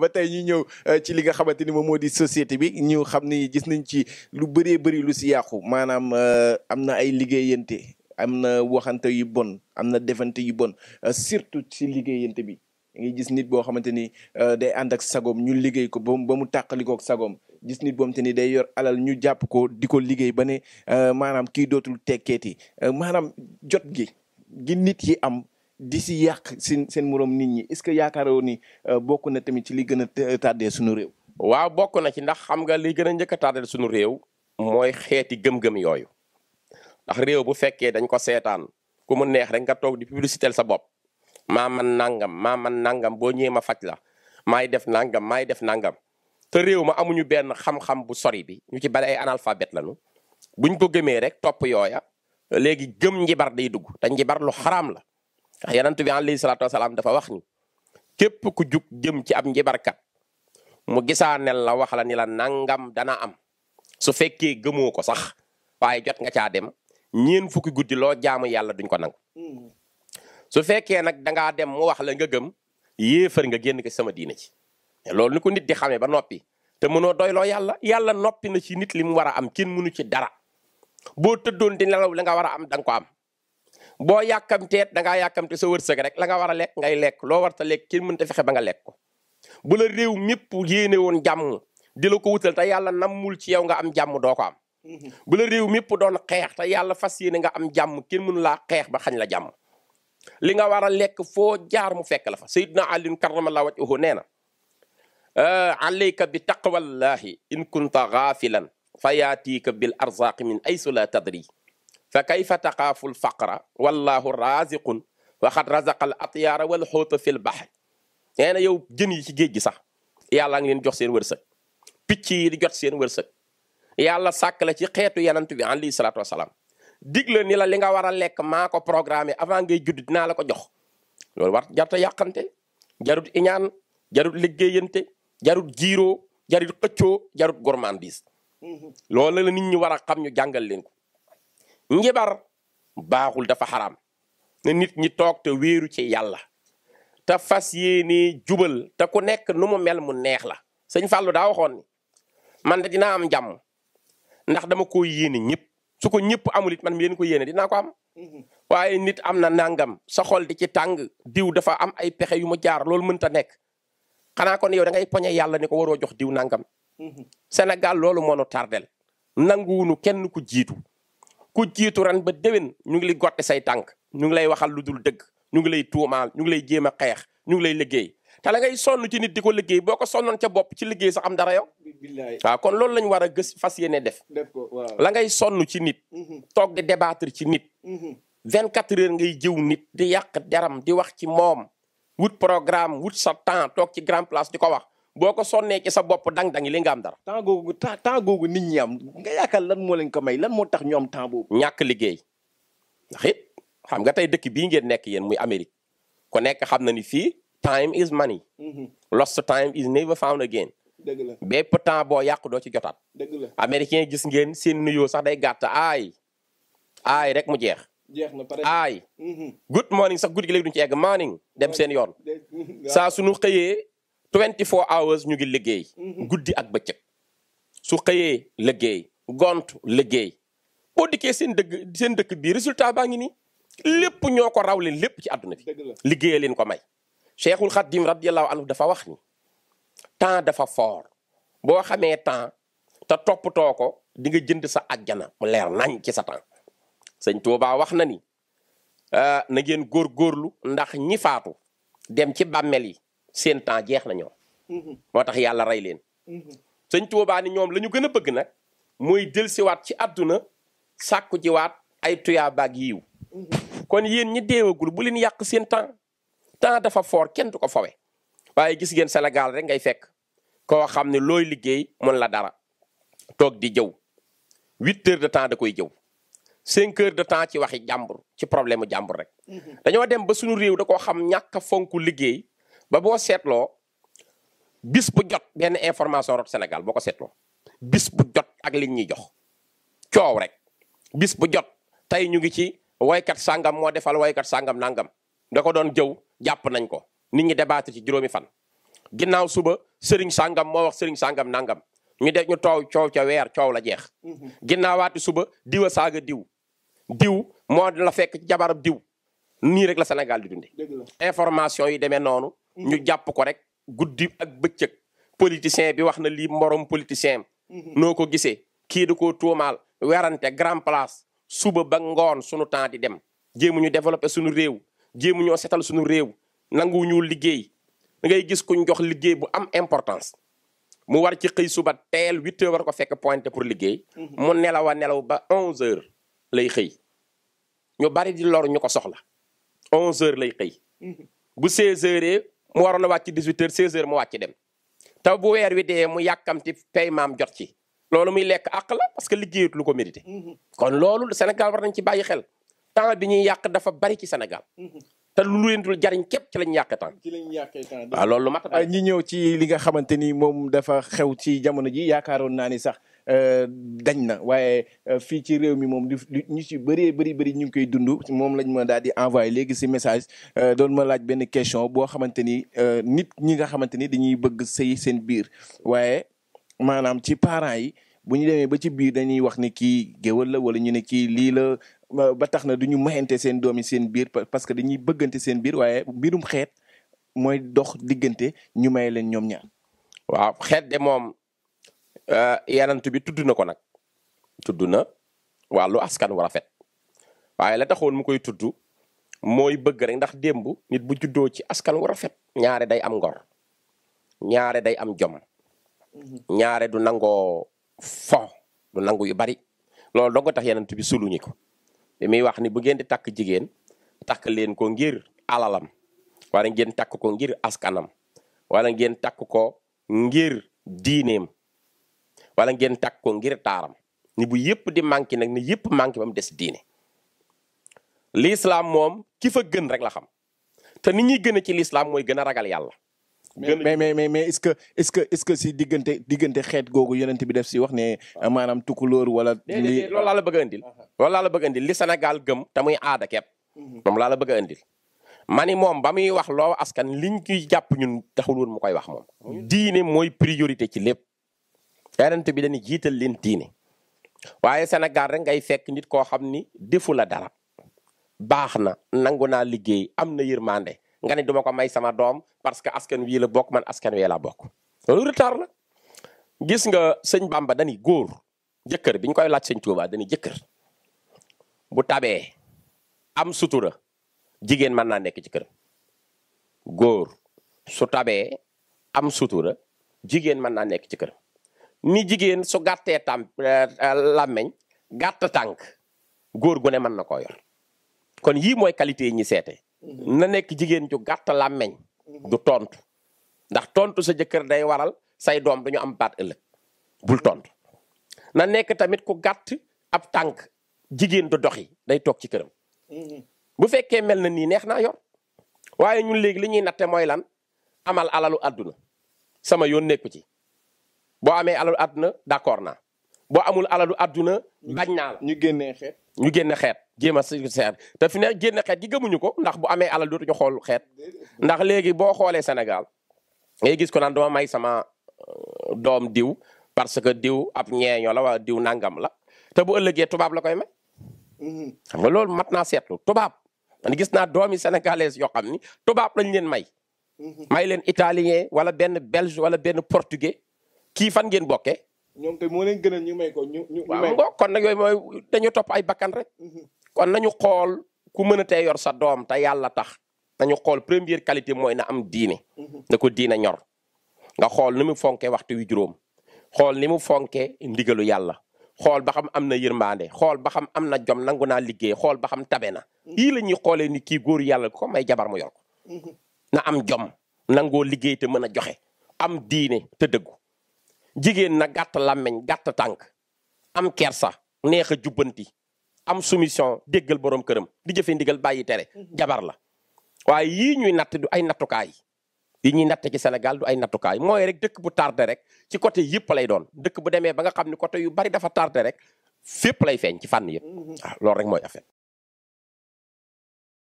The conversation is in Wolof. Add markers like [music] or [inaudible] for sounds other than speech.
ba tey ñu ñëw euh, ci li nga xamante ni moom moo di société bi ñu xam ni gis nañ ci lu bëree bëri lu si yàqu maanaam euh, am na ay liggéeyante am na waxante yu bon am na defante yu bon euh, surtout ci liggéeyante bi ngi gis nit boo xamante ni day ànd ak sagoom ñu liggéey ko ba mu ba mu sagoom gis nit boom te ni day yor alal ñu jàpp ko di ko liggéey ba ne maanaam kii dootul tekkeeti maanaam jot gi gi nit yi am di si yàq seen seen moroom nit ñi est-ce que yaakaaroo ni euh, bokk na tamit ci li gën a tardé suñu réew. waaw bokk na ci ndax xam nga li gën a njëkk a tardé réew. mooy xeeti gëm-gëm yooyu. ndax réew bu fekkee dañ ko seetaan ku mu neex rek nga toog di publicité sa bopp. maa man nangam maa man nangam boo ñëwee ma faj la maay def nangam maay def nangam. te réew ma amuñu benn xam-xam bu sori bi ñu ci bari ay analphabet lañu buñ ko gëmee rek topp yooya léegi gëm njibar day dugg te njibar lu xaraam la. yonent bi alayhi salaatu wasalaam dafa wax ni képp ku jug jëm ci ab njibarkat mu gisaanel la wax la ni la nangam dana am su fekkee gëmoo ko sax waaye jot nga caa dem ñeen fukki guddi loo jaamu yàlla duñ ko nangu su fekkee nag dangaa dem mu wax la nga gëm yéefar nga génn ko sama diina ci loolu ni ko nit di xamee ba noppi te mënoo loo yàlla yàlla noppi na ci nit li mu war a am kenn mënu ci dara boo te doon nelaw li nga war a am da ko am boo yàkkamteet da ngaa yàkkamte sa wërsëg rek la nga war a lekk ngay lekk loo warta lekk kenn mënta fexe ba nga lekk ko bu la réew mépp yéene woon jàmm di la ko wutal te yàlla nammul ci yow nga am jàmm doo ko am mm-hmm. bu la réew mépp doon xeex te yàlla fas yéene nga am jàmm kenn mënu laa xeex ba xañ la jàmm li nga war a lekk foo jaar mu fekk la fa sayyidina Ali karramallahu wajhahu nee na ah, alayka bi taqwallahi in kunta gaafilan fa yaatiika bil arzaqi min ay la tadri fa kayfa taxaaful faqra wallahu raziqun waxat razaqal atyaara wal xóota fil baxri nee na yow jën yi ci géej gi sax yàlla ngi leen jox seen wërsëg picc yi di jot seen wërsëg yàlla sàkk la ci xeetu yanant bi alayhi salaatu wasalaam dig la ni la li nga war a lekk maa ko programmé avant ngay judd dinaa la ko jox loolu war jarta yàqante jarut iñaan jarut liggéeyante jarut jiiroo jarut xëccoo jarut gourmandise mm-hmm. lool la nit ñi war a xam ñu jàngal leen ko njibar baaxul dafa xaraam ne nit ñi toog te wéeru ci yàlla te fas yéene jubal te ku nekk nu mu mel mu neex la sëñ Fallou daa waxoon man de dina am jàmm ndax dama ko yéene ñëpp su ko ñëpp amul it man mi leen ko yéene dinaa ko am mhm. waaye nit am na nangam sa xol di ci tàng diw dafa am ay pexe yu mu jaar loolu mënta nekk xanaa kon yow danga ngay poñe yàlla ni ko waroo jox diw nangam mhm. senegal loolu moo nu tardel nanguwunu kenn ku jiitu ku jiitu ren ba déwén ñu ngi lay gotte say tànk ñu ngi lay waxal lu dul dëgg ñu ngi lay tuumaal ñu ngi lay jéem a xeex ñu ngi lay liggéey la ngay sonn ci nit di ko liggéey boo ko sonnoon ca bopp ci liggéey sax am dara yow. waaw kon loolu la ñu war a gës fas yéene def. la ngay sonn ci nit. Mhm. toog di ci nit. Mhm. vingt quatre heures ngay jëw nit di yàq deram di wax ci moom wut programme wut sa temps toog ci grand place di ko wax. boo ko sonnee ci sa bopp dang-dang lee nga am dara. temps googu temps temps googu nit ñi am nga yaakaar lan moo leen ko may lan moo tax ñoom am temps boobu. ñàkk liggéey ndax it xam nga tey dëkk bii ngeen nekk yéen muy Amérique ko nekk xam na ni fii time is money. Mhm. lost time is never found again. dëgg la bépp temps boo yàqu doo ci jotaat. dëgg la américain gis ngeen seen nuyoo sax day gàtt ay aay rek mu jeex. jeex na pare aay. Mhm. good morning sax guddi gi léegi duñu ci egg morning dem seen yoon. [laughs] saa suñu xëyee. 24 hours ñu ngi liggéey. Mm-hmm. guddi ak bëccëg. su xëyee liggéey gont liggéey. boo dikkee seen dëgg seen dëkk bii résultat baa ngi nii lépp ñoo ko raw lépp ci àdduna bi. liggéeyee leen ko may. Cheikhul Khadim radiyallahu anhu dafa wax temps dafa foor boo xamee temps te toppatoo ko di nga jënd sa àjjana mu leer nañ ci sa temps sëñ Touba wax na ni euh, na ngeen góorgóorlu ndax ñi faatu dem ci bàmmeel yi seen jeex na ñoom. Mm-hmm. moo tax yàlla rey leen. Mm-hmm. sëñ Tuubaa ni ñoom lañu ñu gën a bëgg nag mooy dellusiwaat ci adduna sàkku jiwaat ay tuyaabaag yiw mm-hmm. kon yéen ñi deewagul bu leen yàq seen temps temps dafa foor kenn du ko fawe waaye gis ngeen Sénégal rek ngay fekk koo xam ne looy liggéey mun la dara toog di jëw huit heures de temps da koy jëw cinq heures de temps ci waxi jàmbur ci problème mu jàmbur rek. dañoo dem ba suñu réew da koo xam ñàkk a liggéey. ba boo seetloo bis bu jot benn information rot Sénégal boo ko seetloo bis bu jot ak liñ ñuy jox coow rek bis bu jot tey ñu ngi ci waykat sangam moo defal waykat sangam nangam da ko doon jëw jàpp nañ ko nit ñi débatté ci juróomi fan. ginnaaw suba sëriñ sangam moo wax sëriñ sangam nangam ñu def ñu toow coow ca weer coow la jeex. Mhm. ginnaawaati suba diwa saaga diw. diw moo la fekk jabar diw nii rek la Sénégal di dunde information yi demee noonu. ñu mhm. jàpp ko rek guddi ak bëccëg politicien bi wax na lii moroom politicien mhm. noo ko gisee kii da koo tuumaal werante grand place suba ba ngoon sunu temps di dem jéemu ñu développé suñu réew jéemu ñoo setal suñu réew nangu ñu liggéey dangay ngay gis kuñ jox liggéey bu am importance mu war ci xëy suba teel huit heures war ko fekk pointé pour liggéey mhm. mu nelaw nelaw ba onze heures lay xëy ñu bari di lor ñu ko soxla onze heures lay xëy bu seize heures mu waroon a wàcc 18 heures 16 heures mu wàcc dem te bu weer wi dee mu yàkkamti maam jot ci loolu muy lekk àq la parce que liggéeyut lu ko mérité mm-hmm. kon loolu Sénégal war nañ ci bàyyi xel temps bi ñuy yàq dafa bari ci Sénégal mm-hmm. te lu leen dul jariñ képp ci lañ yàq temps ci lañ yàq temps waaw loolu lu mat ah, ñi ñëw ci li nga xamante ni moom dafa xew ci jamono ji yaakaaroon naa ni sax Euh, dañ na waaye euh, fii ci réew mi moom di ñu ci bëree bëri bëri ñu ngi koy dund moom lañ ma daal di envoyé léegi si message euh, doon ma laaj benn question boo xamante ni nit ñi nga xamante ni dañuy bëgg sëy seen biir waaye maanaam ci parents yi bu ñu demee ba ci biir dañuy wax ni kii géwal la wala ñu ne kii lii la ba tax na du ñu mayante seen doom yi seen biir parce que dañuy bëggante seen biir waaye mbirum xeet mooy dox diggante ñu may leen ñoom ñaar. waaw xeet de moom Euh, yanant bi tudd na ko nag tudd na wàllu askan wu rafet waaye la taxoon mu koy tudd mooy bëgg rek ndax démb nit bu juddoo ci askan wu rafet ñaare day am ngor ñaare day am jom ñaare du nangoo fo du nangu yu bari loolu dong tax yenent bi suluñi ko bi wax ni bu ngeen di takk jigéen takk leen ko ngir alalam wala ngeen takk ko ngir askanam wala ngeen takk ko ngir diineem wala ngeen takk ko ngir taaram ni bu yëpp di manqué nag ni yëpp manqué ba mu des diine lislaam moom ki fa gën rek la xam te ni ñuy gën a ci lislaam mooy gën a ragal yàlla mais mais mais mais est-ce que est-ce que est-ce que si diggante diggante xeet googu yonent bi def si wax ne maanaam tukulóor wala li loolu laa la bëgg a indil loolu laa li Sénégal gëm te muy aada kepp mhm. moom laa la bëgg a indil ma ni moom ba muy wax loo askan liñ ciy jàpp ñun taxul woon mu koy wax moom mhm. diine mooy priorité ci lépp yonent bi dañuy jiital leen tiine waaye Sénégal rek ngay fekk nit koo xam ni defu la dara baax na nangu naa liggéey am na yërmande nga ne duma ko may sama doom parce que askan wii la bokk man askan wii la bokk loolu retard la gis nga sëñ Bamba dañuy góor jëkkër biñ koy laaj sëñ Tuuba dañuy jëkkër bu tabee am sutura jigéen mën naa nekk ci kër góor su tabee am sutura jigéen mën naa nekk ci kër ni jigéen su gàttee tam eh, eh, làmmeñ gàtt tànk góor gu ne mën na ko yor kon yii mooy qualité yi ñu seete mhm. na nekk jigéen ju gàtt làmmeñ mhm. du tontu ndax tontu sa jëkkër day waral say doom duñu am baat ëllëg bul tontu na nekk tamit ku gàtt ab tànk jigéen du doxi day toog ci këram mhm. bu fekkee mel na nii neex na yor waaye ñun léegi li ñuy natte mooy lan amal alalu àdduna sama yoon nekku ci boo amee alalu àdduna d'accord naa boo amul alalu àdduna bañ naa la. ñu génnee xeet. ñu génne xeet jéem a seet te fi ne génne xeet gi gëmuñu ko ndax bu amee alal dootuñu xool xeet ndax léegi boo xoolee Sénégal ngay gis ko naan dama may sama euh, doom diw parce que diw ab ñeeño la wala diw nangam la te bu ëllëgee tubaab la koy may. Mm-hmm. xam nga loolu mat naa seetlu tubaab man gis naa doomi sénégalais yoo xam ni tubaab lañ leen may. Mm-hmm. may leen italien wala benn belge wala benn portugais. kii fan ngeen bokkee. ñoom te moo leen gënal ñu may ko ñu ñu kon nag mooy dañu topp ay bakkan rek. Mhm. kon nañu xool ku mën a tee yor sa doom te yàlla tax. nañu xool première qualité mooy na am diine. Mhm. na ko diine ñor. nga xool ni mu fonkee waxtu wi juróom xool ni mu fonkee ndigalu yàlla xool ba xam am na yërmande xool ba xam am na jom nangu naa liggéey xool ba xam tabe na mhm. yii la ñuy xoolee ni kii góor yàlla ko may jabar mu yor na am jom nangoo liggéey te mën a joxe am diine te dëggu jigéen na gàtt làmmiñ gàtt tànk am kersa neex a jubbanti am soumission déggal borom këram di jëfe ndigal bàyyi tere mhm. jabar la waaye yii ñuy natt du ay nattukaay yi ñuy natt ci Sénégal du ay nattukaay mooy rek dëkk bu tardé rek ci côté yëpp lay doon dëkk bu demee ba nga xam ne côté yu bari dafa tardé rek fépp lay feeñ ci fànn yëpp mhm. waaw loolu rek mooy affaire